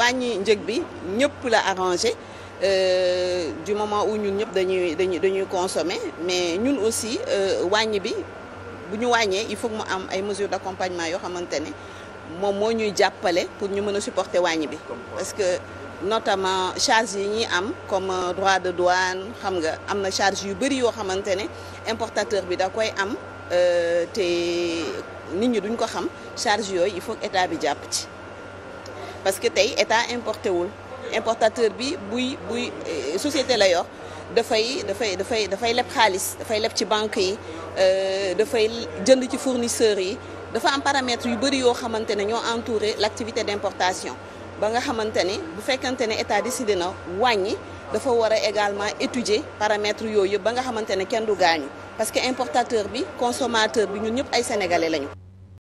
wàññi njëg bi ñëpp la arrangé euh, du moment où ñun ñëpp dañuy dañuy dañuy consommer mais ñun aussi euh, wàññi bi bu ñu wàññee il faut mu am ay mesures d'accompagnement yoo xamante ne moom moo ñuy jàppale pour ñu mën a supporter wàññi bi parce que notamment charge yi ñuy am comme euh, droit de douane xam nga am na charge yu bëri yoo xamante ne importateur bi da koy am te nit ñi duñ ko xam charge yooyu il faut état bi jàpp ci parce que tey état importé wul importateur bi buy buy euh, société la yor dafay dafay dafay dafay leb xaalis dafay leb ci banque yi euh, dafay jënd ci fournisseur yi dafa am paramètre yu bëri yoo xamante ne ñoo entouré l' activité d' importation ba nga xamante ne bu fekkante ne état décidé na wàññi dafa war a également étudier paramètre yooyu yëpp ba nga xamante ne kenn du gaañu parce que importateur bi consommateur bi ñun ñëpp ay sénégalais lañu.